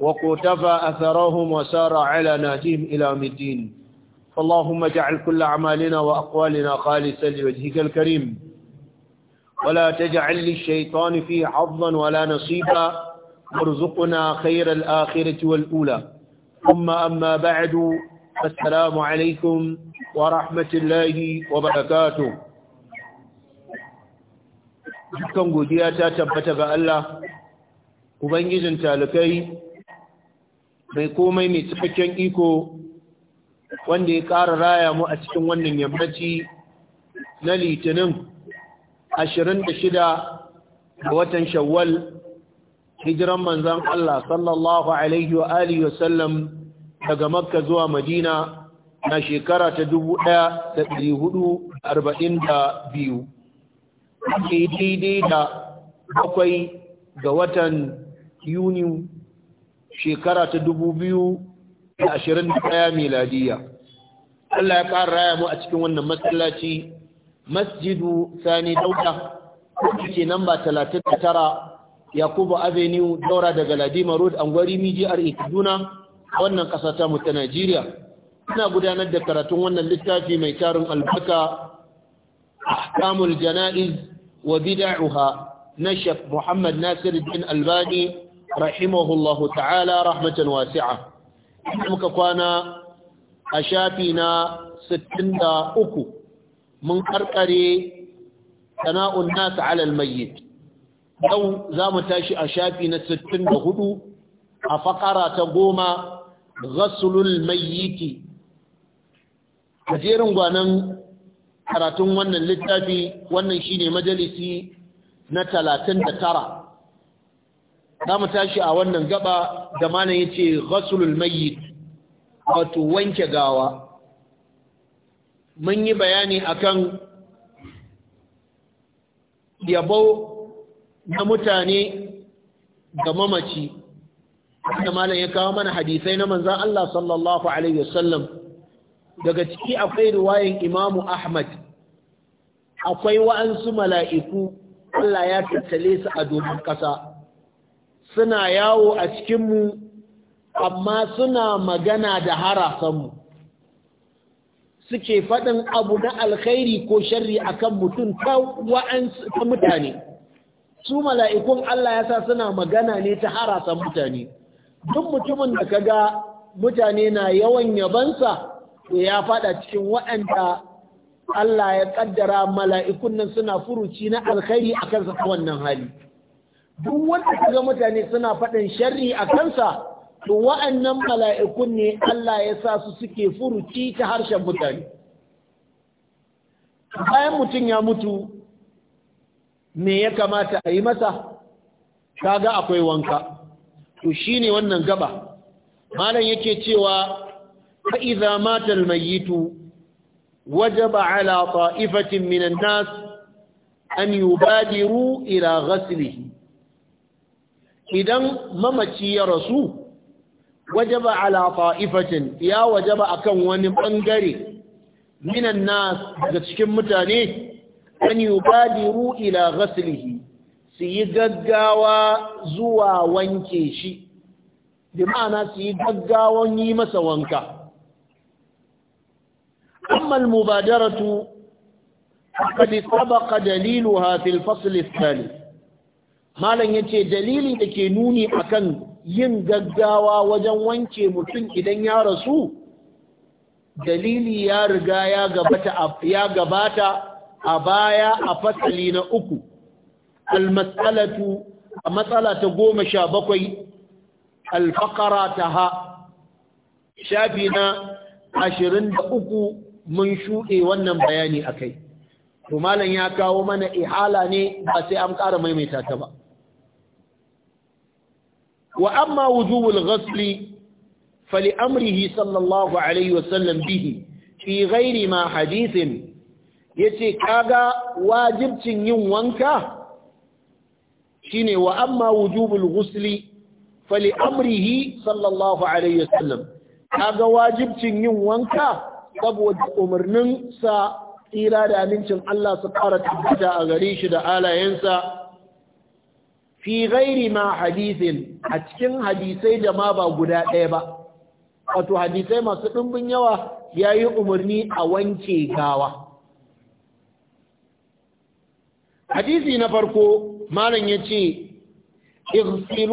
وقتفى أثرهم وسار على ناجهم إلى مدين فاللهم اجعل كل أعمالنا وأقوالنا خالصا لوجهك الكريم ولا تجعل للشيطان فيه حظا ولا نصيبا وارزقنا خير الآخرة والأولى ثم أما بعد السلام عليكم ورحمة الله وبركاته dukkan godiya ta tabbata ga Allah ubangijin talakai mai komai mai cikakken iko wanda ya ƙara raya mu a cikin wannan yammaci na litinin 26 ga watan shawwal hijiran manzan Allah sallallahu alaihi wa alihi wa sallam daga makka zuwa madina na shekara ta da biyu. 1442 daidai da bakwai ga watan yuni shekara ta dubu biyu da ashirin ɗaya miladiya Allah ya ƙara raya mu a cikin wannan masallaci masjidu sani dauda wanda ke talatin da tara yakubu avenue daura daga ladima road angwari mijiyar kaduna wannan ƙasa ta mu ta najeriya ina gudanar da karatun wannan littafi mai tarin albarka ahkamul jana'iz wa bid'uha na shek muhammad nasir bin albani rahimahullahu ta'ala rahmatan wasi'a muka kwana a shafi na uku mun karkare sana'un nas 'ala al-mayyit yau zamu tashi a shafi na 64 a fakara ta goma ghaslul mayyit kajerin gwanan karatun wannan littafi wannan shine majalisi na talatin da tara. za mu tashi a wannan gaba da mana ya ce ghasulul mayyit wato wanke gawa mun yi bayani akan yabo na mutane ga mamaci da malam ya kawo mana hadisai na manzan Allah sallallahu alaihi wasallam daga ciki akwai riwayan imamu Ahmad akwai wa'ansu mala'iku Allah ya tattale su a domin ƙasa suna yawo a cikinmu amma suna magana da harasanmu suke faɗin abu na alkhairi ko sharri akan mutum ta ta mutane su mala'ikun Allah ya sa suna magana ne ta harasan mutane duk mutumin da ka ga mutane na yawan yabansa ya faɗa cikin waɗanda Allah ya ƙaddara mala'ikun nan suna furuci na alkhairi akan wannan hali duk wanda kaga mutane suna faɗin sharri a kansa to wa'annan mala'ikun ne Allah ya sa su suke furuci ta harshen mutane bayan mutum ya mutu me ya kamata a yi masa kaga akwai wanka to shine wannan gaba malam yake cewa fa idza mata almayitu wajaba ala ta'ifatin minan nas an yubadiru ila ghaslihi idan mamaci ya rasu wajaba ala fa'ifatin ya wajaba akan wani ɓangare. minan na daga cikin mutane an yubadiru ila ghaslihi su yi gaggawa zuwa wanke shi bi ma'ana su yi gaggawan yi masa wanka amma al-mubadaratu kadi sabaqa daliluha fil fasl al malam ya ce dalili da ke nuni akan yin gaggawa wajen wanke mutum idan ya rasu dalili ya riga ya gabata a baya a fasali na uku almas'alatu a matsala ta goma sha bakwai alfakara ta ha shafi na ashirin da uku mun shuɗe wannan bayani a kai malam ya kawo mana ihala ne ba sai an ƙara maimaita ta ba wa amma wujubul ghasli fali amrihi sallallahu alaihi wasallam bihi fi ghairi ma hadithin yace kaga wajibcin yin wanka shine wa amma wujubul ghusli fali amrihi sallallahu alaihi wasallam kaga wajibcin yin wanka saboda umarnin sa tsira da amincin Allah su ƙara tabbata a gare shi da alayensa fi ghairi ma hadisin a cikin hadisai da ma ba guda ɗaya ba wato hadisai masu ɗumbin yawa ya yi umarni a wanke gawa hadisi na farko malam ya ce bi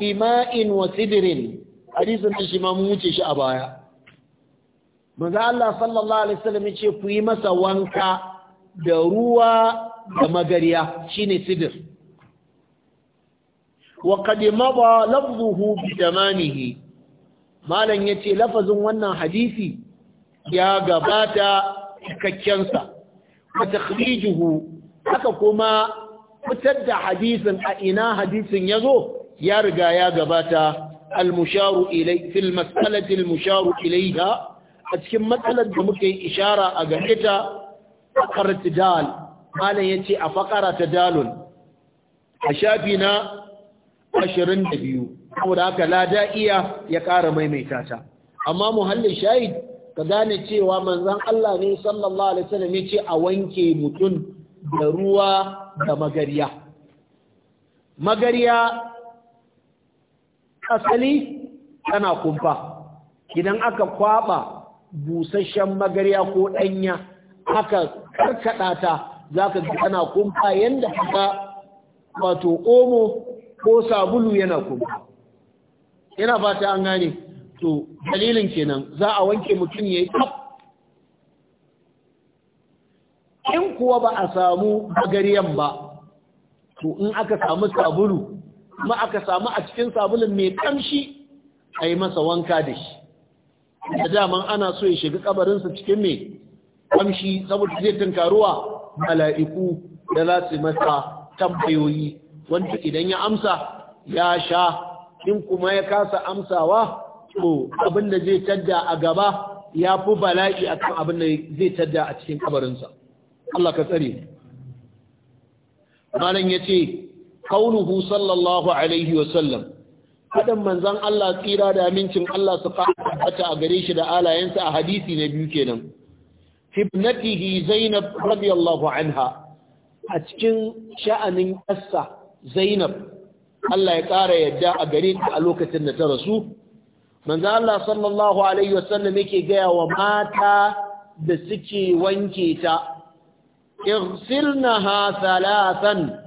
bima'in wa sidirin hadisin da shi ma mun wuce shi a baya maza Allah sallallahu alaihi wasallam ya ce ku yi masa wanka da ruwa da magariya shine sidir وقد مضى لفظه بزمانه مالا يتي hadisi? Ya gabata يا غباتا ككنسا وتخريجه haka kuma fitar da hadisin a ina hadisin ya zo ya riga ya gabata al-musharu ilai fil mas'alati al-musharu ilaiha a cikin matsalar da muka yi ishara a gare ta faqarat dal malan yace a fakara ta dalun a shafi na ashirin da biyu saboda haka lada iya ya ƙara maimaita ta amma muhallin shahid ka gane cewa manzan Allah ne sallallahu alaihi wasallam ya ce a wanke mutum da ruwa da magariya magariya asali tana kumfa idan aka kwaba busasshen magariya ko ɗanya aka karkaɗa ta za ka tana kumfa yadda ka wato omo ko sabulu yana kuma yana fata an gane to dalilin kenan za a wanke mutum ya yi in kuwa ba a samu bagar ba to in aka samu sabulu kuma aka samu a cikin sabulun mai kamshi a yi masa wanka da shi da dama ana so ya shiga kabarinsa cikin mai kamshi saboda zai tunkaruwa mala'iku da za su masa tambayoyi wanda idan ya amsa ya sha in kuma ya kasa amsawa to abin da zai tadda a gaba ya fi bala'i akan abin da zai tadda a cikin kabarinsa Allah ka tsare malam yace kaunuhu sallallahu alaihi wa sallam faɗin manzan Allah tsira da amincin Allah su fata a gare shi da alayensa a hadisi na biyu kenan. Hibnatihi Zainab radiyallahu anha a cikin sha'anin ƙasa zainab Allah ya ƙara yadda a gare ta a lokacin da ta rasu manzo Allah sallallahu alaihi wasallam yake gaya wa mata da suke wanke ta irsilnaha thalathan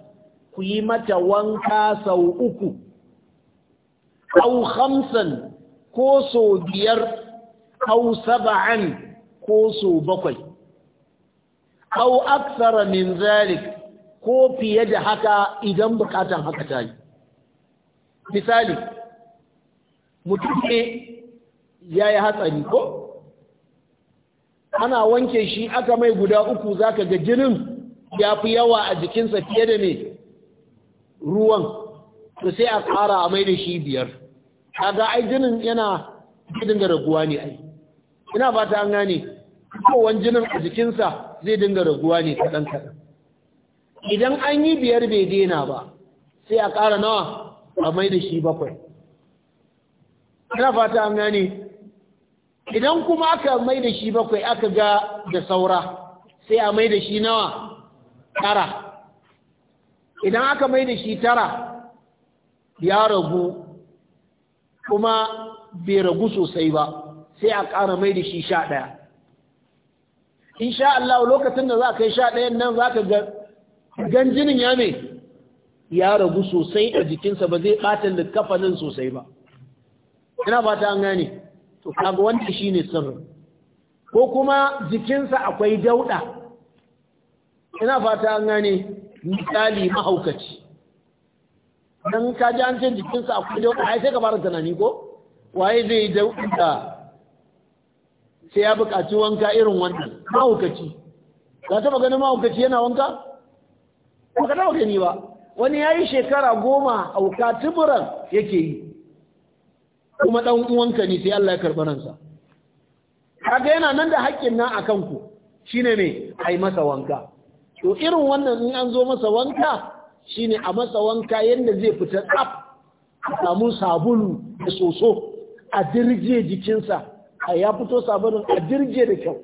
ku yi mata wanka sau uku au khamsan ko sau biyar au saba'an ko sau bakwai au aksara min zalik ko fiye da haka idan bukatan haka ta yi misali mutum ne ya yi hatsari ko ana wanke shi aka mai guda uku zaka ga jinin ya fi yawa a jikinsa fiye da ne ruwan to sai a ƙara a mai da shi biyar kaga ai jinin yana dinga raguwa ne ai ina ba ta an gane kowane jinin a jikinsa zai dinga raguwa ne kaɗan kaɗan idan an yi biyar bai dena ba sai a ƙara nawa a mai da shi bakwai ana fata an gane idan kuma aka mai da shi bakwai aka ga da saura sai a mai da shi nawa tara idan aka mai da shi tara ya ragu kuma bai ragu sosai ba sai a ƙara mai da shi sha ɗaya in sha Allah lokacin da za ka yi sha ɗayan nan za ka ga gan jinin ya me ya ragu sosai a jikinsa ba zai ɓata kafanin sosai ba ina ba ta an gane to kaga wanda ne sirri. ko kuma jikinsa akwai dauda ina fata an gane misali mahaukaci dan ka ji an ce jikinsa akwai dauda ai sai ka fara tunani ko waye zai dauda sai ya buƙaci wanka irin wannan mahaukaci ka taba ganin mahaukaci yana wanka Baka taba ba wani ya yi shekara goma a auka tuburan yake yi kuma ɗan uwanka ne sai Allah ya karɓi ransa kaga yana nan da haƙƙin nan a kanku shine ne ai masa wanka to irin wannan in an zo masa wanka shine a masa wanka yadda zai fita tsaf a samu sabulu da soso a dirje jikinsa a ya fito sabulun a dirje da kyau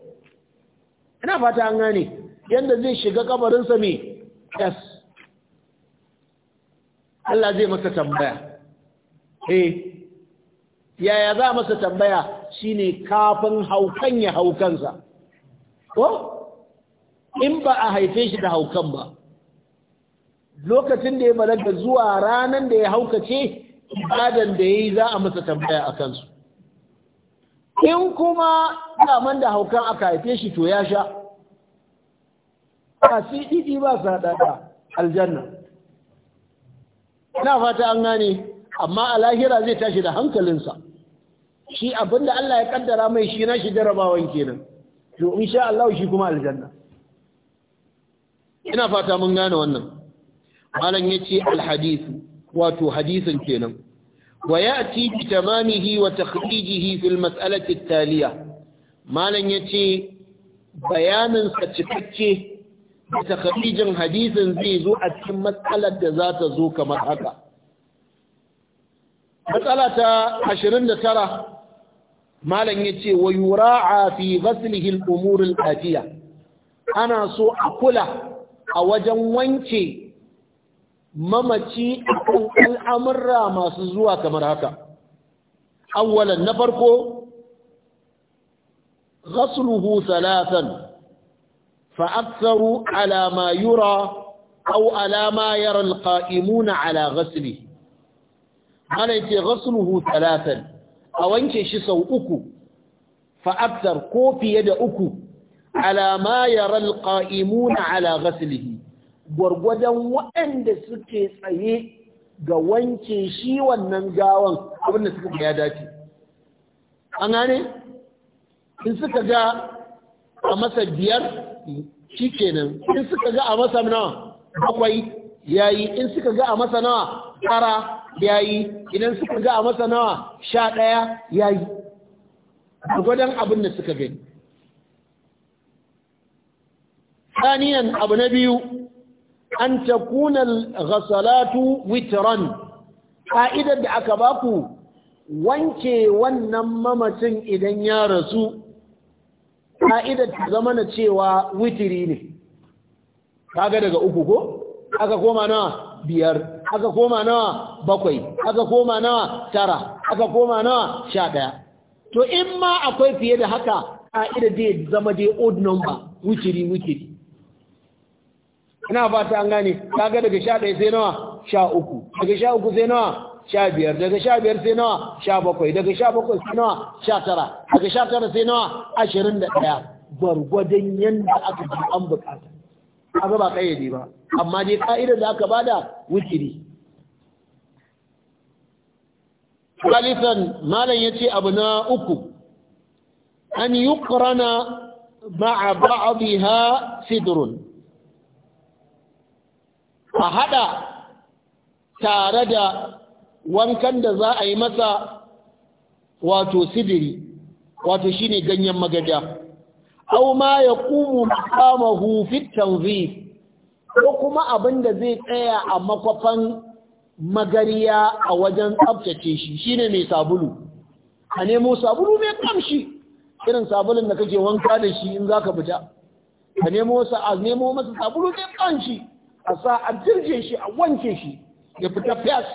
ina fata an gane yadda zai shiga kabarinsa mai yes Allah zai masa tambaya eh yaya za masa tambaya shine kafin haukan ya haukansa ko in ba a haife shi da haukan ba lokacin da ya balaga zuwa ranan da ya haukace ibadan da yayi za a masa tambaya a kansu in kuma daman da haukan aka haife shi to ya sha ba su ɗiɗi ba su haɗaɗa aljanna ina fata an gane amma a lahira zai tashi da hankalinsa shi abinda Allah ya kaddara mai shi na shi jarabawan kenan to in sha Allah shi kuma aljanna ina fata mun gane wannan malam yace alhadithu wato hadisin kenan wa ya'ti bi tamamihi wa takhrijihi fil mas'alati at-taliya malam yace bayanin sa cikakke da takharijin hadisin zai zo a cikin matsalar da za ta zo kamar haka matsala ta 29 malam yace wa yura'a fi ghaslihi umurin lafiya ana so a kula a wajen wanke mamaci akan al'amurra masu zuwa kamar haka awwalan na farko ghasluhu salasan. فأكثروا على ما يرى أو على ما يرى القائمون على غسله أنا يتي غسله ثلاثا أو أنك شسو أكو فأكثر كوفي يد أكو على ما يرى القائمون على غسله gwargwadon waɗanda suke tsaye ga wanke shi wannan gawan abinda suka ga ya dace an gane in suka ga a masa biyar arziki shi kenan in suka ga a masa nawa bakwai yi, in suka ga a masa nawa tara yi, idan suka ga a masa nawa sha ɗaya yi. a gwadon abin da suka gani ثانيا أبو نبي أن تكون الغسلات da aka baku wanke wannan mamacin idan ya rasu ka'idar ta zama na cewa witiri ne kaga daga uku ko aka koma nawa biyar aka koma nawa bakwai aka koma nawa tara aka koma nawa sha ɗaya to in ma akwai fiye da haka ka'idar zai zama dai old number witiri witiri ina fata an gane kaga daga sha ɗaya sai nawa sha uku daga sha uku sai nawa sha biyar daga sha biyar sai nawa sha bakwai daga sha bakwai sai nawa sha tara daga sha tara sai nawa ashirin da ɗaya gwargwadon yadda aka ji an bukata aka ba kayyade ba amma dai ka'idar da aka bada wutiri Khalifan malam ya ce abu na uku an yi ƙurana ma'a ba'abiha sidrun a haɗa tare da wankan da za a yi masa wato sidiri wato shine ganyen magaja aw ma kumu makamahu fi tanzif ko kuma abinda zai tsaya a makwafan magariya a wajen tsaftace shi shine mai sabulu a nemo sabulu mai kamshi irin sabulun da kake wanka da shi in zaka fita a nemo sa a nemo masa sabulu mai kamshi a sa a dirje shi a wanke shi ya fita fiyas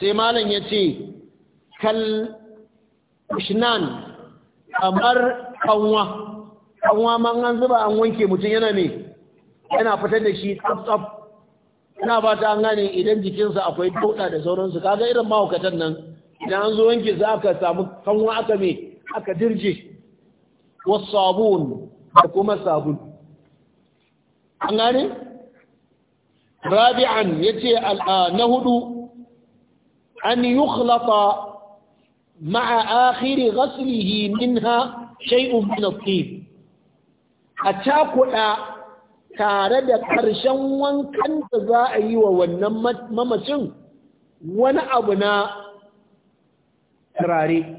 sai malam ya ce kal shnan kamar kanwa kanwa man an zuba an wanke mutum yana ne yana fitar da shi tsaf yana ba ta gane idan jikinsa akwai dauɗa da sauransu kaga irin mahaukatan nan idan an zo wanke za aka samu kanwa aka me aka dirje wasu sabon da kuma sabon an gane rabi'an yace ah, na hudu an yukhlata ma'a akhiri ghaslihi minha shay'un min at a cakuɗa tare da ƙarshen wankan da za a yi wa wannan mamacin wani abu na turare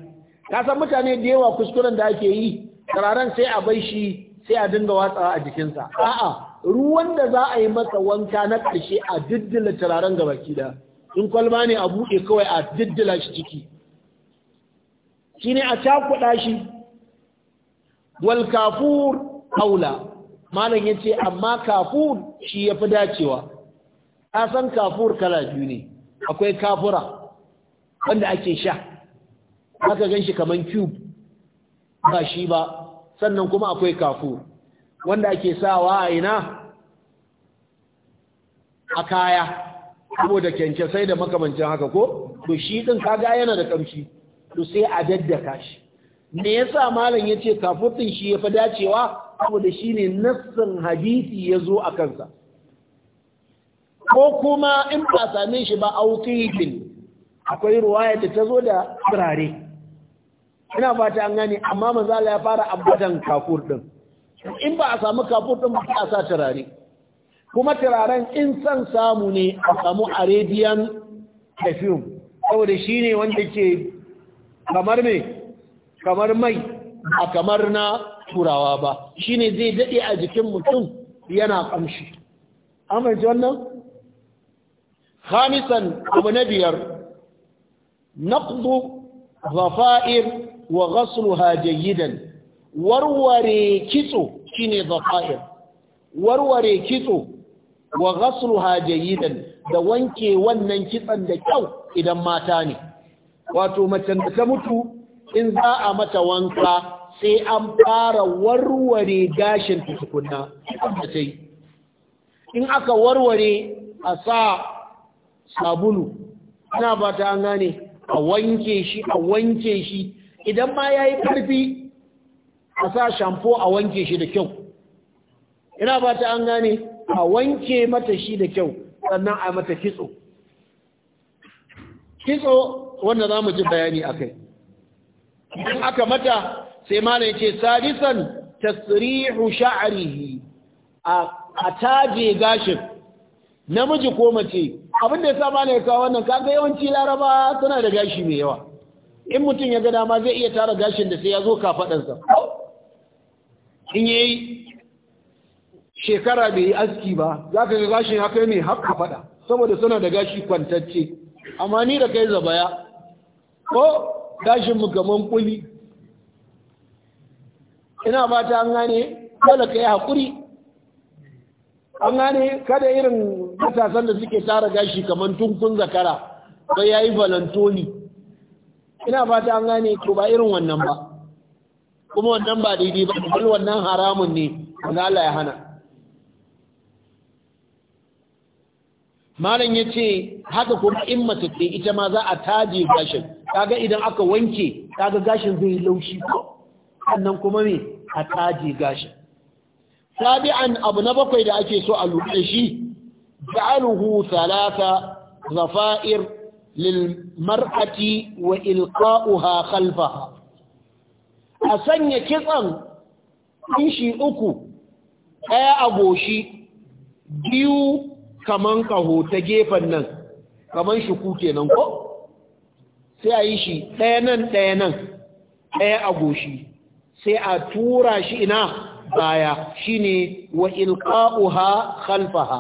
ka san mutane da yawa kuskuren da ake yi turaren sai a bai shi sai a dinga watsawa a jikinsa a'a ruwan da za a yi masa wanka na ƙarshe a diddila turaren gabaki da in kwalba ne a buɗe kawai a diddila shi ciki shi ne a cakuɗa shi wal kafur haula malam ya ce amma kafur shi ya fi dacewa a san kafur kala biyu ne akwai kafura wanda ake sha aka gan shi kamar cube ba shi ba sannan kuma akwai kafur wanda ake sawa a ina a kaya saboda kyankyasai da makamancin haka ko to shi din kaga yana da kamshi to sai a daddaka shi me yasa malam yace kafurtin shi ya fa dacewa saboda shine nassin hadisi yazo a kansa ko kuma in ba same shi ba auqibin akwai ruwaya da tazo da turare ina fata an gane amma manzo Allah ya fara abudan kafur din in ba a samu kafur din ba a sa turare kuma turaren in san samu ne a samu arabian perfume saboda shi ne wanda ke kamar mai kamar mai a kamar na turawa ba shi ne zai daɗe a jikin mutum yana ƙamshi amince wannan? hamisan abu na biyar naqdu zafa'ir wa ghasluha jayyidan warware kitso shi ne zafa'ir warware kitso wa ghasluha jayidan da wanke wannan kitsan da kyau idan mata ne wato macen da ta mutu in za a mata wanka sai an fara warware gashin tukunna da ta in aka warware a sa sabulu ina ba an gane a wanke shi a wanke shi idan ma yayi karfi ƙarfi a sa shampo a wanke shi da kyau ina ba an gane a wanke mata shi da kyau sannan a mata kitso kitso wanda za mu ji bayani a kai Idan aka mata sai malam ce sadisan tasrihu sha'rihi a taje gashin namiji ko mace abin da yasa malam ya kawo wannan kaga yawanci laraba suna da gashi mai yawa in mutum ya ga dama zai iya tara gashin da sai ya zo kafaɗansa in yayi shekara bai yi aski ba za ka ga gashin haka mai haka faɗa saboda suna da gashi kwantacce amma ni da kai zabaya ko gashin mu gaman kuli ina ba ta an gane dole ka yi hakuri. an gane kada irin matasan da suke tara gashi kamar tunkun zakara bai ya yi valentoni ina ba ta an gane to ba irin wannan ba kuma wannan ba daidai ba wannan haramun ne wanda Allah ya hana malam ya ce haka kuma in mace ce ita ma za a taje gashin kaga idan aka wanke kaga gashin zai laushi ko sannan kuma me a taje gashin sabi'an abu na bakwai da ake so a lura shi ja'aluhu thalatha zafa'ir lil mar'ati wa ilqa'uha khalfaha a sanya kitsan kishi uku ɗaya a goshi biyu kaman kaho ta gefen nan kaman shuku kenan ko sai a yi shi ɗaya nan ɗaya nan ɗaya a goshi sai a tura shi ina baya shine wa ha khalfaha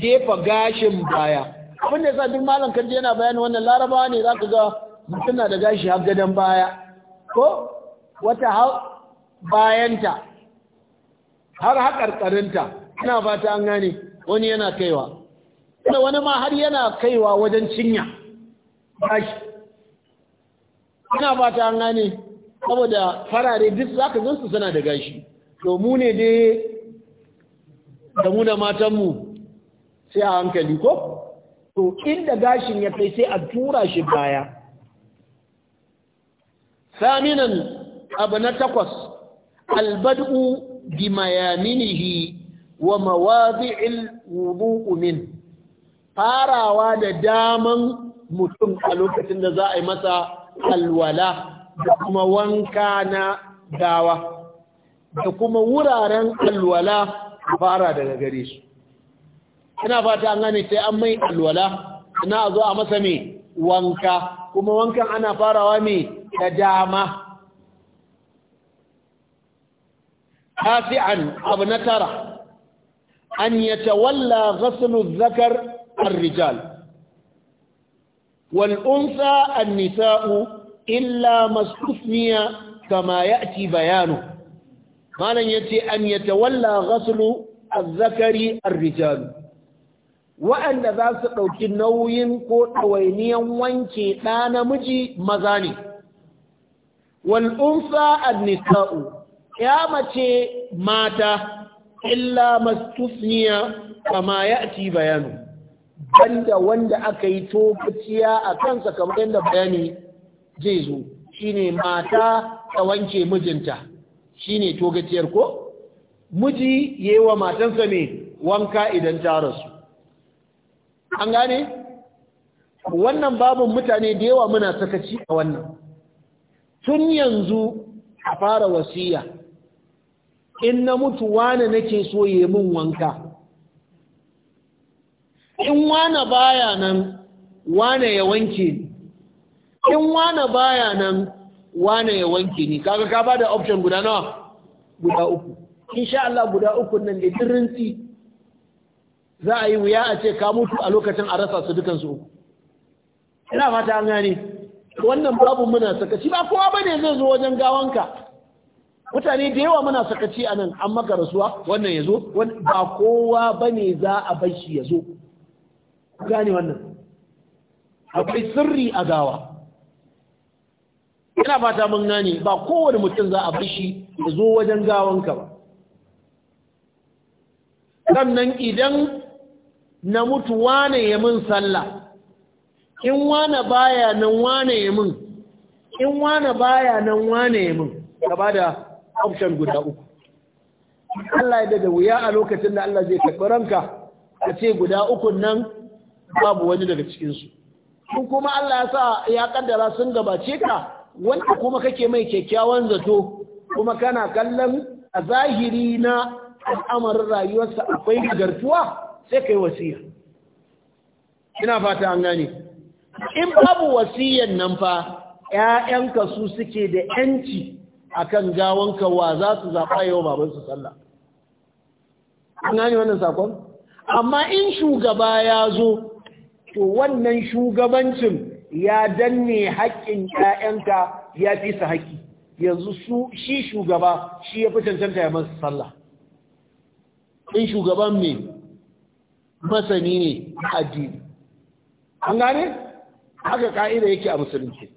gefa gashin baya abin da yasa duk malam kaje yana bayani wannan larabawa ne za ka ga mutuna da gashi har gadon baya ko wata bayanta har haƙarƙarinta ina fata an gane wani yana kaiwa da wani ma har yana kaiwa wajen cinya bashi ina fata an gane saboda farare duk zaka gansu suna da gashi to mu ne dai da mu da matanmu sai a hankali ko to inda gashin ya kai sai a tura shi baya saminan abu na takwas albadu bi mayaminihi wa mawadi'il wudu'u min farawa da daman mutum a lokacin da za a yi masa alwala da kuma wanka na dawa, da kuma wuraren alwala fara daga gare su ina fata an gane sai an mai alwala ina zo a masa mai wanka kuma wankan ana farawa mai da dama tasi'an abu na tara an yatawalla ghaslu dhakar ar-rijal wal unsa an-nisa'u illa mastusniya kama ya'ti bayanu malan yace an yatawalla ghaslu az-zakari ar-rijal wa'anda za su dauki nauyin ko ɗawainiyan wanke ɗa namiji maza ne wal unsa an-nisa'u ya mace mata illa mastusniya kama ya'ti bayanu banda wanda aka yi tokaciya a kansa kamar yadda bayani zai zo shine mata ta wanke mijinta shine togaciyar ko miji wa matansa ne wanka idan ta rasu an gane wannan babin mutane da yawa muna sakaci a wannan tun yanzu a fara wasiya in na mutu wane nake so ya min wanka in wane baya nan wane ya wanke ni in wane baya nan wane ya wanke ni kaga ka bada option guda nawa guda uku insha Allah guda uku nan da dirinci za a yi wuya a ce ka mutu a lokacin a rasa su dukan su ina fata an gane wannan babu muna sakaci ba kowa bane zai zo wajen gawanka mutane da yawa muna sakaci a nan an maka rasuwa wannan ya zo ba kowa ba ne za a bai shi ya zo gane wannan akwai sirri a gawa ina fata mun gane ba kowane mutum za a bai shi ya zo wajen gawanka ba sannan idan na mutu wane ya min sallah in wane baya nan wane ya min in wane baya nan wane ya min ka da option guda uku Allah ya da wuya a lokacin da Allah zai karɓi ranka a ce guda uku nan babu wani daga cikinsu in kuma Allah ya sa ya kaddara sun gabace ka wanda kuma kake mai kyakkyawan zato kuma kana kallon a zahiri na al'amarin rayuwarsa akwai nagartuwa sai kai wasiya ina fata an gane in babu wasiyan nan fa yayanka su suke da yanci akan gawanka wa za su zaɓa yau babansu sallah an gani wannan sakon amma in shugaba ya zo to wannan shugabancin ya danne haƙƙin 'ya'yanka ya fi su haƙƙi yanzu shi shugaba shi ya fi cancanta ya masa sallah in shugaban mai masani ne addini an gani haka ka'ida yake a musulunci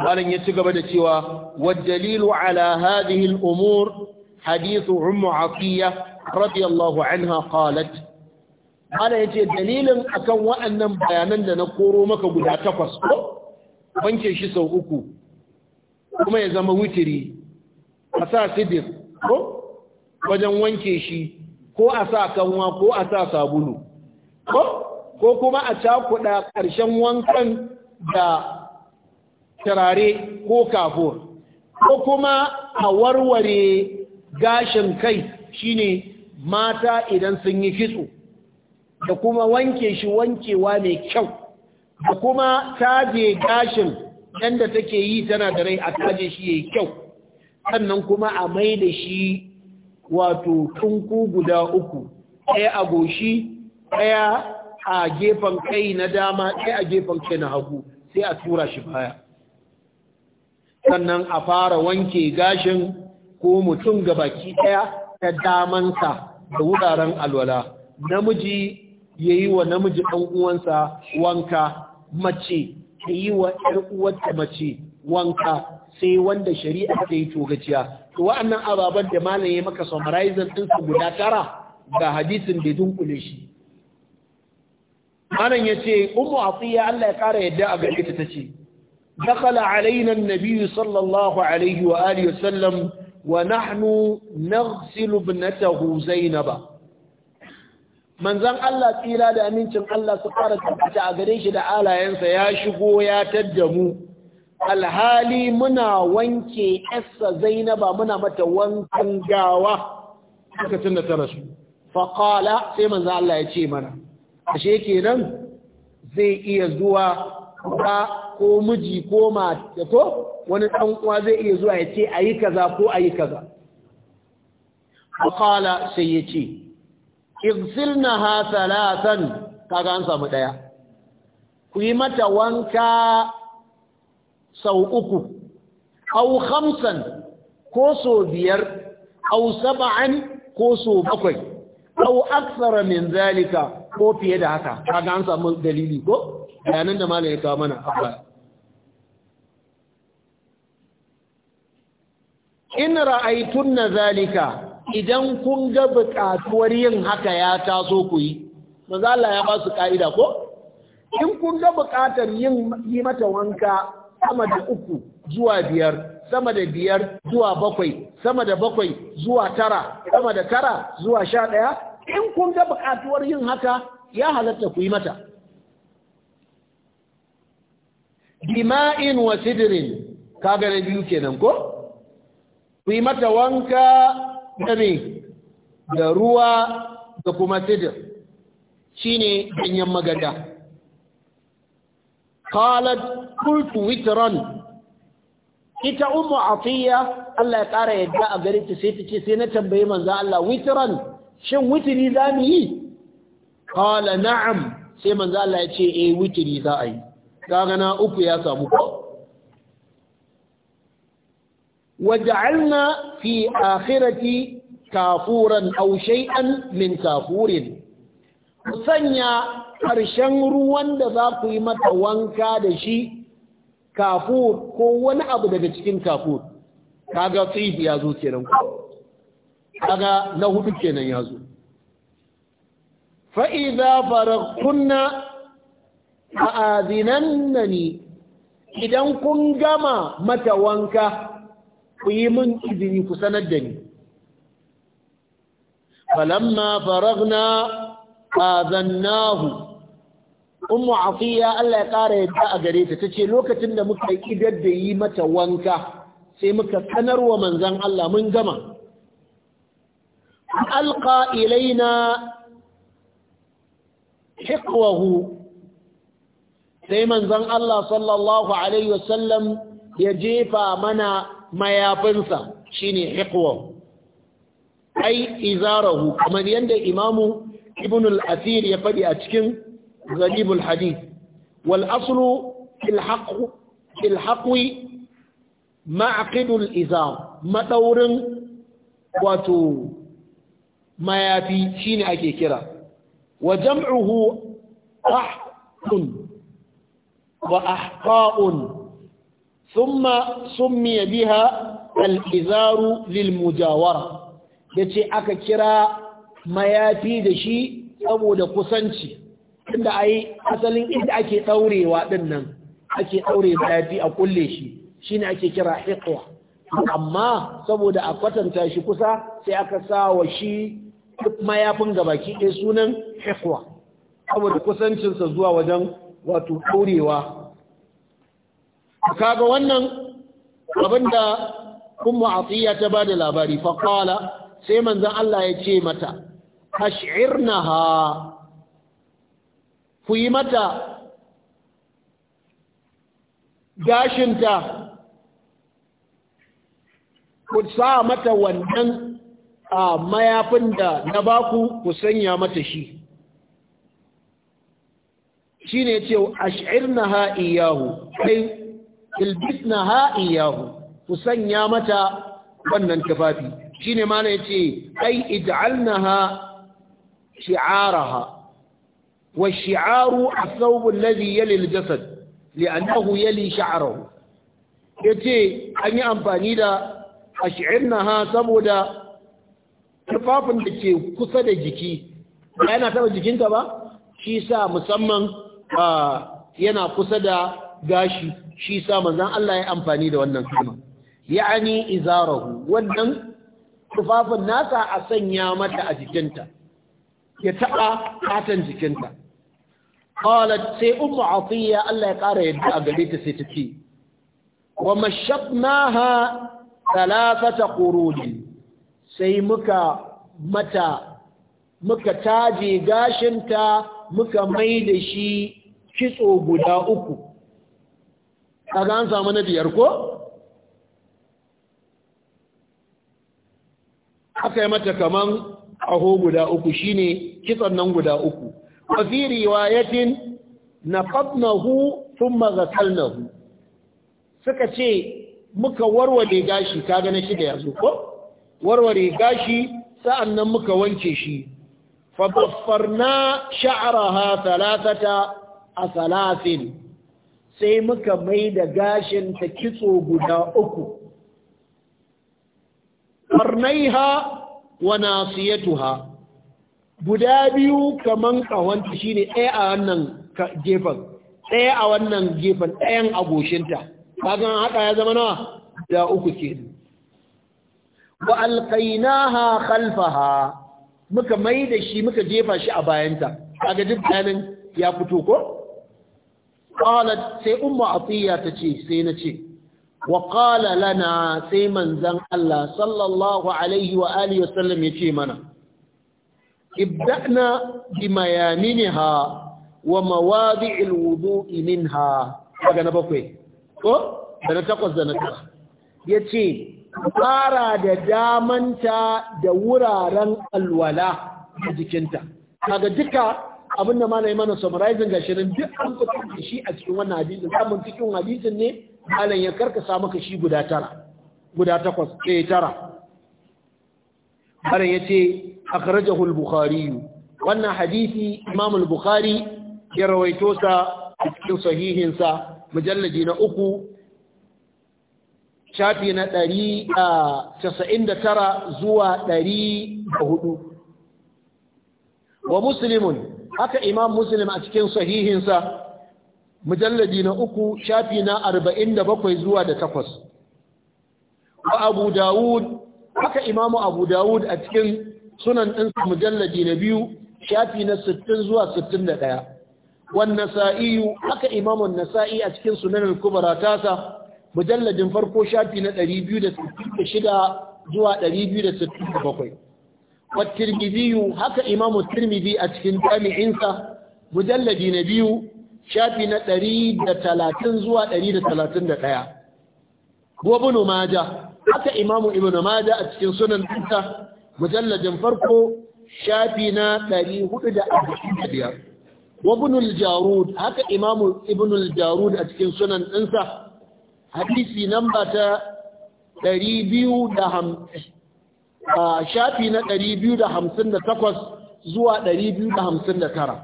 malam ya ci gaba da cewa waddalilu ala hadhihi al-umur hadithu ummu aqiya radiyallahu anha qalat malam yace dalilin akan waɗannan bayanan da na koro maka guda takwas ko banke shi sau uku kuma ya zama witiri a sa sidir ko wajen wanke shi ko a sa kanwa ko a sa sabulu ko kuma a cakuɗa ƙarshen wankan da turare ko kafur ko kuma a warware gashin kai shine mata idan sun yi kitso da kuma wanke shi wankewa mai kyau da kuma taje gashin yadda take yi tana da rai a taje shi yayi kyau sannan kuma a mai da shi wato tunku guda uku ɗaya a goshi ɗaya a gefen kai na dama ɗaya a gefen kai na hagu sai a tura shi baya sannan a fara wanke gashin ko mutum ga baki ɗaya ta damansa da wuraren alwala namiji ya yi wa namiji ɗan'uwansa wanka mace ta yi wa ‘yar mace wanka sai wanda shari'a ta yi togaciya to wa'annan ababen da malam ya maka summarizing ɗinsu guda tara ga hadisin da dunkule shi malam ya ce umu atiya Allah ya ƙara yadda a gaske ta ce. دخل علينا النبي صلى الله عليه وآله وسلم ونحن نغسل ابنته زينب من زن الله تيلا دا أمينتم الله سقارة تعقريش دا آلا ينسى يا شقو يا تدمو alhali muna wanke essa zainaba muna mata wankan gawa lokacin da ta rasu faƙala sai manzo Allah ya ce mana ashe kenan zai iya zuwa ba ko miji ko mata ko wani dan uwa zai iya zuwa ya ce ayi kaza ko ayi kaza qala sai yace igsilnaha thalathan kaga an samu daya ku yi mata wanka sau uku au khamsan ko so biyar au sab'an ko so bakwai au aksara min zalika ko fiye da haka kaga an samu dalili ko bayanan da malamin ya mana a baya in ra'aytun na zalika idan kun ga buƙatuwar yin haka ya taso ku yi mazala ya ba su ƙa'ida ko in kun ga buƙatar yin yi mata wanka sama da uku zuwa biyar sama da biyar zuwa bakwai sama da bakwai zuwa tara sama da tara zuwa sha ɗaya in kun ga buƙatuwar yin haka ya halatta ku yi mata bima'in wa sidirin kaga na biyu kenan ko ku yi mata wanka da me da ruwa da kuma sidir shine ganyen magada qalat kultu witron ita ummu atiya Allah ya ƙara yadda a gare ta sai ta ce sai na tambaye manza Allah witron shin za mu yi qala na'am sai manza Allah ya ce eh witiri za a yi ƙagana uku ya samu ko وجعلنا في آخرة kafuran أو شيئا من Ku sanya ƙarshen ruwan da za ku yi mata wanka da shi kafur ko wani abu daga cikin kafur kaga tsibi ya zo kenan kaga na hudu kenan ya zo fa'iza farakunna a idan kun gama mata wanka ku yi min izini ku sanar da ni falamma faragna azannahu ummu afiya Allah ya kara yadda a gare ta tace lokacin da muka idar da yi mata wanka sai muka sanarwa manzon Allah mun gama alqa ilaina hiqwahu sai manzon Allah sallallahu alaihi wasallam ya jefa mana mayafinsa shine hiqwa ai izarahu kamar yadda imamu ibn al ya faɗi a cikin zalibul hadith wal aslu fil haqq fil madaurin wato mayafi shine ake kira wa jam'uhu ahqun wa ahqa'un thumma summiya biha Al'izaru lil mujawara yace aka kira mayafi da shi saboda kusanci inda ai asalin inda ake daurewa nan, ake daure mayafi a kulle shi shine ake kira hiqwa amma saboda a kwatanta shi kusa sai aka sa wa shi mayafin gabaki ɗaya sunan hiqwa saboda kusancinsa zuwa wajen wato ɗaurewa kaga wannan abinda kuma atiya ta bada labari fa sai manzon Allah ya ce mata ash'irnaha ku yi mata gashinta ku sa mata wannan a mayafin da na baku ku sanya mata shi shine ce ash'irnaha iyahu ilbisnaha iyahu ku sanya mata wannan tufafi shine ma ne yace ai ij'alnaha shi'araha والشعار الثوب الذي li'anahu الجسد لأنه يلي شعره yace an yi amfani da ashirnaha saboda tufafin da ke kusa da jiki yana taba jikinka ba shi sa musamman ah, yana kusa da gashi shi sa manzon Allah ya amfani da wannan kalma ya'ani izarahu wannan tufafin nasa a sanya mata a jikinta ya taɓa katan jikinta qalat sai ummu atiya Allah ya ƙara yadda a gare ta sai ta ce wa mashabnaha thalathata qurud sai muka mata muka taje gashinta muka mai da shi kitso guda uku kaga an samu na biyar ko aka yi mata kaman aho guda uku shine kitson nan guda uku wa fi riwayatin naqadnahu thumma ghasalnahu suka ce muka warware gashi kaga na shiga yazo ko warware gashi sa'annan muka wanke shi fa baffarna sha'raha a salasin. sai muka mai da gashin ta kitso guda uku karnaiha wa nasiyatuha guda biyu kaman kawanta shine ɗaya a wannan gefen ɗaya a wannan gefen ɗayan agoshinta kagan haka ya zama nawa da uku ke wa alqainaha khalfaha muka mai da shi muka jefa shi a bayanta kaga duk bayanin ya fito ko qalat sai ummu atiya tace sai nace wa qala lana sai manzon Allah sallallahu alaihi wa alihi wasallam yace mana ibda'na bimayaminha wa mawadi'il wudu'i minha daga na bakwai ko da na takwas da na tara yace fara da damanta da wuraren alwala a jikinta kaga duka abin da malai mana summarizing ga shirin duk an fitar shi a cikin wannan hadisin samun cikin hadisin ne malam ya karkasa maka shi guda tara guda takwas ɗaya eh, tara malam ya ce akhrajahu al-bukhari wannan hadisi Imamul al-bukhari ya rawaito sa a cikin sahihin sa na uku shafi na ɗari a casa'in da tara zuwa ɗari da hudu wa muslimun haka imam muslim a cikin sahihinsa mujalladi na uku shafi na arba'in da bakwai zuwa da takwas wa abu dawud haka imamu abu dawud a cikin sunan ɗinsa mujalladi na biyu shafi na sittin zuwa sittin da ɗaya wannan sa'iyu haka imamun nasa'i a cikin sunan al tasa mujalladin farko shafi na ɗari biyu da sittin da shida zuwa ɗari biyu da sittin da bakwai wa haka imam tirmidhi a cikin jami'insa mujalladi na biyu shafi na 130 zuwa 131 wa ibn haka imam ibn a cikin sunan dinsa mujalladin farko shafi na 445 wa ibn al-jarud haka imam ibn al a cikin sunan dinsa hadisi namba ta 250 shafi na 258 zuwa 259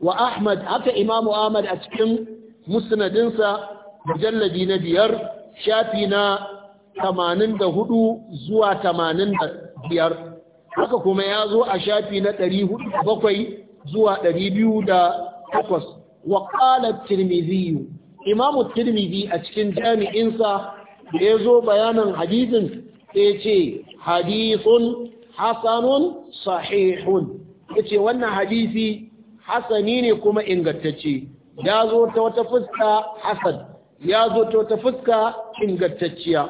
wa ahmad haka imamu ahmad a cikin musnadinsa mujalladi na biyar shafi na 84 zuwa 85 haka kuma ya zo a shafi na 407 zuwa 208 wa qala tirmidhi imamu tirmidhi a cikin jami'insa da ya zo bayanin hadisin sai ce hadithun hasanun sahihun yace wannan hadisi hasani ne kuma ingantacce ya zo ta wata fuska hasan ya zo ta wata fuska ingantacciya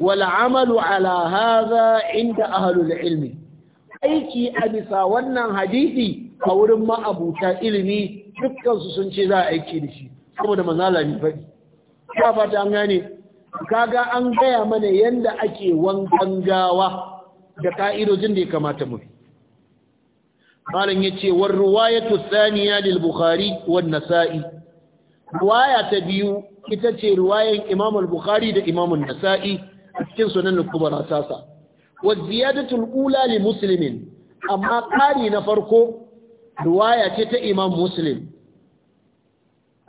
wal amalu ala hadha inda ahlul ilmi aiki a bisa wannan hadisi a wurin ma'abuta ilimi dukkan su sun ce za a aiki da shi saboda manzala ne faɗi ya fata an gane kaga an gaya mana yanda ake wankan gawa da ka'idojin da ya kamata mu bi malam yace war riwayatu thaniya lil bukhari wan nasa'i riwaya ta biyu ita ce riwayan imam al bukhari da imam an nasa'i cikin sunan kubra tasa wa ziyadatu al ula li muslimin amma kari na farko riwaya ce ta imam muslim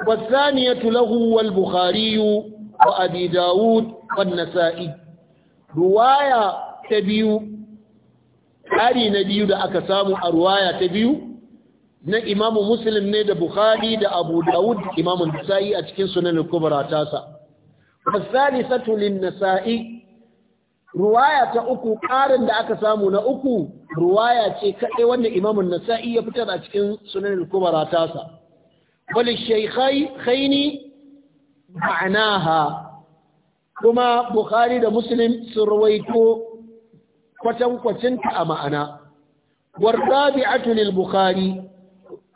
lahu wal والبخاري wa abi dawud wa nasa'i ruwaya ta biyu ƙari na biyu da aka samu a ruwaya ta biyu na imamu muslim ne da bukhari da abu dawud imamu nasa'i a cikin sunan kubra tasa wasalisatu lin nasa'i ruwaya ta uku ƙarin da aka samu na uku ruwaya ce kaɗai wanda imamun nasa'i ya fitar a cikin sunan kubra tasa wal shaykhaini ma'anaha kuma bukhari da muslim sun rawaito kwatankwacinta a ma'ana warzabi'atu Atunil bukhari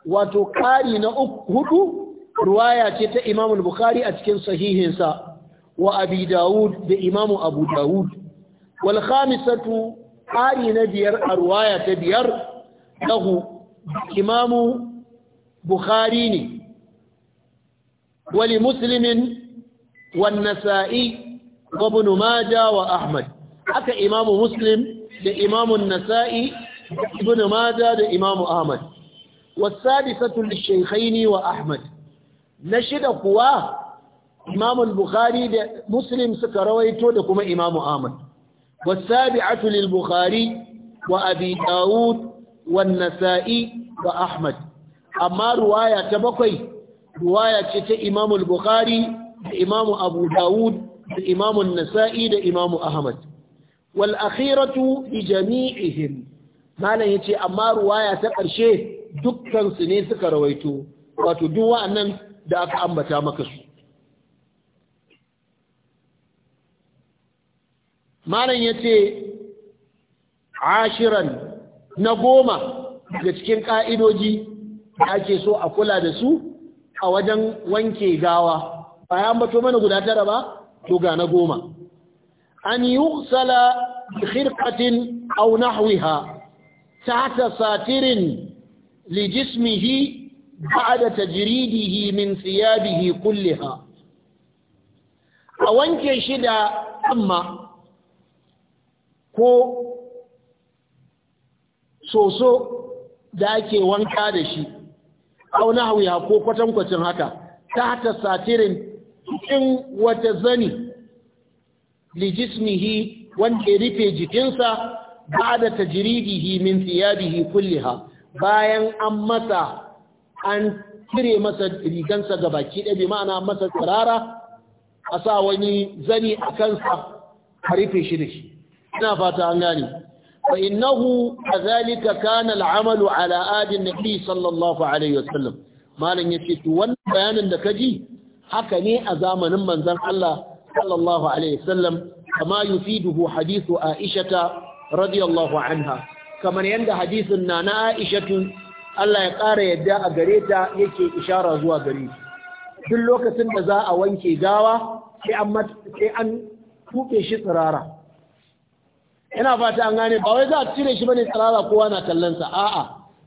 wato kari na hudu ruwaya ce ta imamun al-bukhari a cikin sahihinsa wa abi dawud da imamu abu dawud wal khamisatu kari na biyar a ruwaya ta biyar dahu. imamu bukhari ne ولمسلم والنسائي وابن ماجه وأحمد حتى إمام مسلم لإمام النسائي ابن ماجه لإمام أحمد والسادسة للشيخين وأحمد نشد قواه إمام البخاري مسلم سكرويته لكم إمام أحمد والسابعة للبخاري وأبي داود والنسائي وأحمد أما رواية بقي ruwaya ce ta imamul bukhari da Imamu Abu Dawud da imamun nasai da Imamu Ahmad wal akhiratu bi jami'ihim malam yace amma ruwaya ta ƙarshe dukkan su ne suka rawaito wato duk wa'annan da aka ambata maka su malam yace ashiran na goma ga cikin ka'idoji da ake so a kula da su a wajen wanke gawa ba ya mbato mana guda tara ba to ga na goma an yughsala bi khirqatin aw nahwiha tahta satirin li jismihi ba'da tajridihi min thiyabihi kulliha a wanke shi da amma ko soso da ake wanka da shi aw nahwiha ko kwatankwacin haka tahta satirin in wata zani li jismihi wanda ya rufe jikinsa ba da tajridihi min thiyabihi kulliha bayan an masa an cire masa rigansa ga baki ɗaya bi ma'ana masa tsirara a sa wani zani a kansa a rufe shi da shi ina fata an gane فإنه كذلك كان العمل على آد النبي صلى الله عليه وسلم ما لن يشيك وانا بيانا لكجي حكني أزاما من ذن الله صلى الله عليه وسلم كما يفيده حديث آئشة رضي الله عنها كما يند حديث نانا آئشة الله يقار يداء قريتا يكي إشارة زوا قريت كل وقت ذا أوانكي داوة sai an tuke shi tsirara ina fata an gane ba wai za a cire shi bane tsirara kowa na kallonsa a'a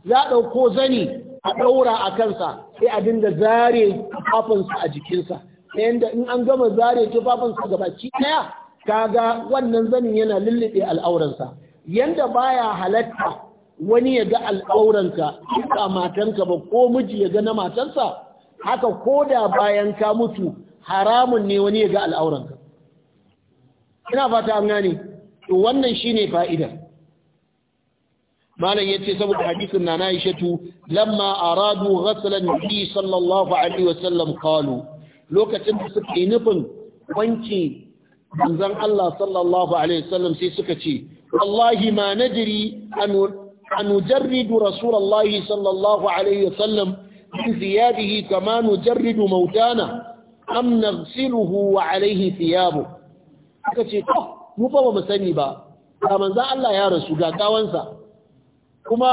za a ɗauko zani a ɗaura a kansa sai a dinga zare tufafinsa a jikinsa ta yadda in an gama zare tufafinsa gabaki ɗaya kaga wannan zanin yana lullube al'auransa yanda baya halatta wani ya ga al'auranka ka matanka ba ko miji ya ga na matansa haka ko da bayan ka mutu haramun ne wani ya ga al'auranka ina fata an gane to wannan shine fa'idar malam yace saboda hadisin Nana Aishatu lamma aradu ghaslan nabi sallallahu alaihi wasallam qalu lokacin da suka yi nufin wanke manzon Allah sallallahu alaihi wasallam sai suka ce wallahi ma nadri an nujarridu rasulullahi sallallahu alaihi wasallam min thiyabihi kama nujarridu mautana am naghsiluhu wa alaihi thiyabu suka to mu fa ba mu sani ba ga manzon Allah ya rasu ga gawansa kuma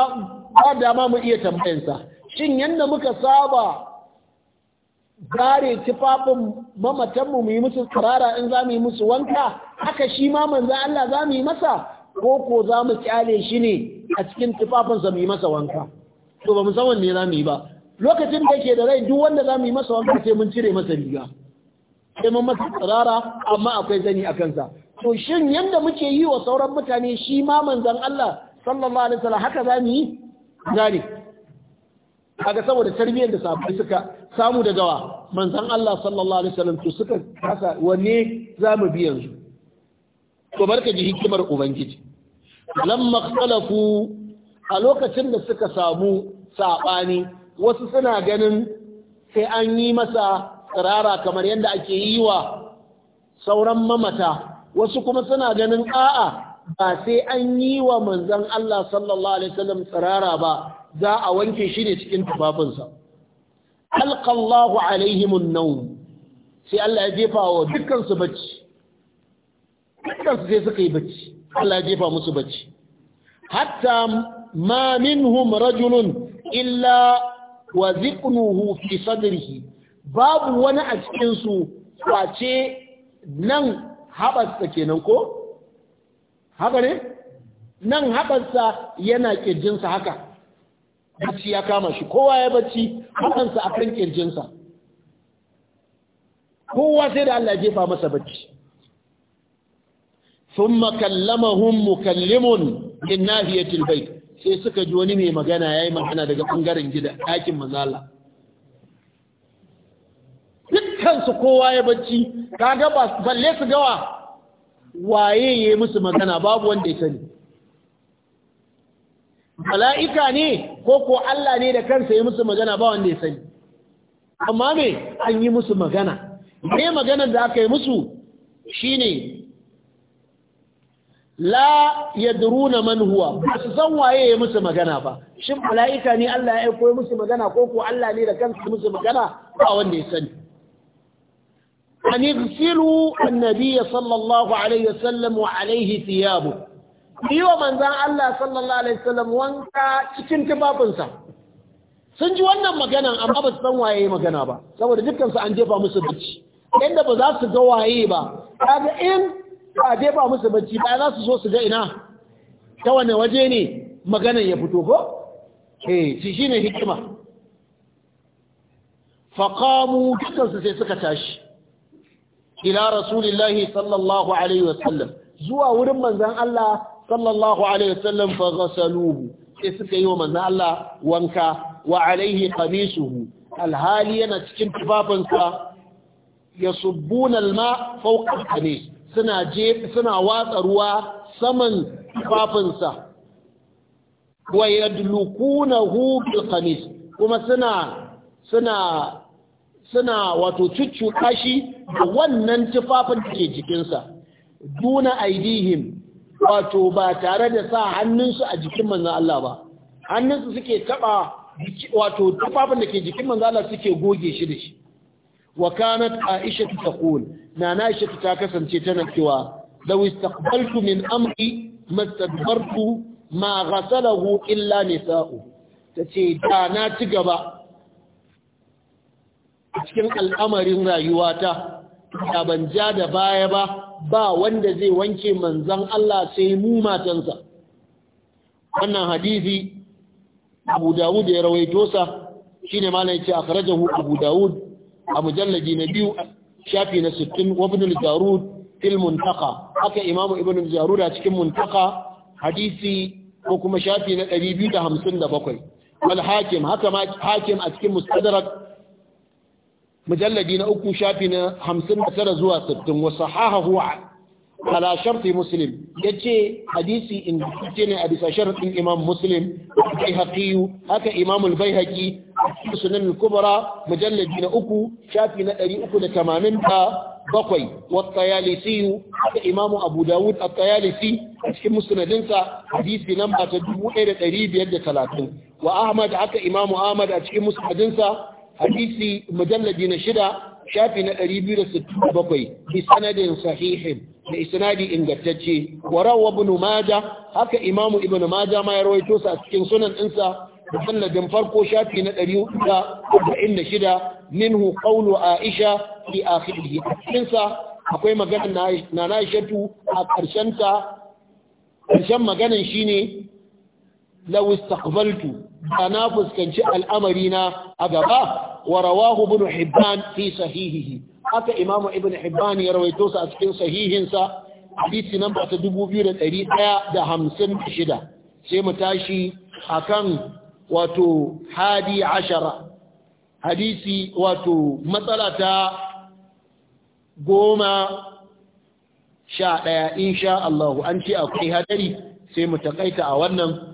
ba dama mu iya tambayansa shin yanda muka saba gare tufafin mamatanmu mu yi musu tsirara in za mu yi musu wanka haka shi ma manzan Allah za mu yi masa ko ko za mu kyale shi ne a cikin tufafinsa mu yi masa wanka to ba mu san wanne za mu yi ba lokacin da yake da rai duk wanda za mu yi masa wanka sai mun cire masa riga sai mun masa tsirara amma akwai zani a kansa to shin yanda muke yi wa sauran mutane shi ma manzon Allah sallallahu alaihi wasallam haka zamu yi gane kaga saboda tarbiyyar da sahabbai suka samu daga wa manzon Allah sallallahu alaihi wasallam to suka kasa wanne zamu bi yanzu to barka ji hikimar ubangiji lamma khalafu a lokacin da suka samu sabani wasu suna ganin sai an yi masa tsirara kamar yadda ake yi wa sauran mamata wasu kuma suna ganin a'a ba sai an yi wa manzon Allah sallallahu alaihi wasallam tsirara ba za a wanke shi ne cikin tufafinsa alqallahu alaihimun nawm sai Allah ya jefa wa dukkan bacci sai suka yi bacci Allah ya jefa musu bacci hatta ma minhum rajulun illa wa ziqnuhu fi sadrihi babu wani a cikinsu wace nan haɓarsa kenan ko? haka ne? nan haɓarsa yana ƙirjinsa haka bacci ya kama shi kowa ya bacci haɓarsa a kan ƙirjinsa kowa sai da Allah jefa masa bacci sun makallamahun mukallimun in nahiyar tilbai, sai suka ji wani mai magana ya yi magana daga ɓangaren gida ɗakin mazala kansu kowa ya bacci kaga ba balle su gawa waye ya yi musu magana babu wanda ya sani mala'ika ne ko ko Allah ne da kansa ya musu magana ba wanda ya sani amma me an yi musu magana ne maganar da aka yi musu shine la yadruna man huwa ba su san waye ya musu magana ba shin mala'ika ne Allah ya aiko musu magana ko ko Allah ne da kansa ya musu magana ba wanda ya sani أن اغسلوا النبي صلى الله عليه وسلم وعليه ثيابه biyo manzan Allah sallallahu alaihi wasallam wanka cikin tufafinsa sun ji wannan maganan amma ba su san waye magana ba saboda dukkan su an jefa musu bacci inda ba za su ga waye ba kaga in ba jefa musu bacci ba za su so su ga ina ta wane waje ne maganan ya fito ko eh shi shine hikima faqamu dukkan su sai suka tashi ila rasulillahi sallallahu alaihi wasallam zuwa wurin manzon Allah sallallahu alaihi wasallam fa ghasaluhu sai suka yi wa manzon Allah wanka wa alaihi qamisuhu alhali yana cikin tufafinsa yasubbuna alma fawqa qamis suna je suna watsa ruwa saman tufafinsa wa yadlukunahu bil qamis kuma suna suna suna wato cuccuka shi da wannan tufafin da ke jikinsa duna aidihim wato ba tare da sa hannunsu a jikin manzan Allah ba hannunsu suke taba wato tufafin da ke jikin manzan Allah suke goge shi da shi wa kanat aisha taqul nana aisha ta kasance tana cewa law istaqbaltu min amri mastadbartu ma ghasalahu illa nisa'u tace da na ci gaba cikin al'amarin rayuwata da ban ja da baya ba ba wanda zai wanke manzan Allah sai mu matansa wannan hadisi Abu Dawud ya rawaito sa shine malai ce akhrajahu Abu Dawud a mujalladi na biyu shafi na 60 wa Ibnul jarud fil Muntaqa haka Imam Ibn jarud a cikin Muntaqa hadisi ko kuma shafi na 257 wal Hakim haka ma Hakim a cikin Mustadrak mujalladi na uku shafi na hamsin da tara zuwa sittin wa sahahahu ala sharti muslim yace hadisi in ce ne a bisa sharadin imam muslim bai haka imam al-baihaqi sunan al-kubra mujalladi na uku shafi na 387 wa at-tayalisi haka imam abu dawud at-tayalisi cikin musnadinsa hadisi namba ta wa ahmad haka imam ahmad a cikin musnadinsa hadisi mujalladi na shida shafi na ɗari biyu da sittin bakwai. bi sanadin sahihin da isnadi ingantacce wa rawa ibn majah haka imamu ibn majah ma ya rawaito sa cikin sunan ɗinsa mujalladin farko shafi na ɗari da shida. minhu qawlu aisha fi akhirih cikin sa akwai magana na na shatu a karshen ta karshen maganan shine law istaqbaltu ba na fuskanci al'amari na a gaba wa rawahu ibn hibban fi sahihihi haka imamu ibn hibban ya rawaito su a cikin sahihinsa hadisi namba ta 2156 sai mu tashi akan wato hadi ashara hadisi wato matsala ta goma sha ɗaya insha Allah an ce akwai hadari sai mu takaita a wannan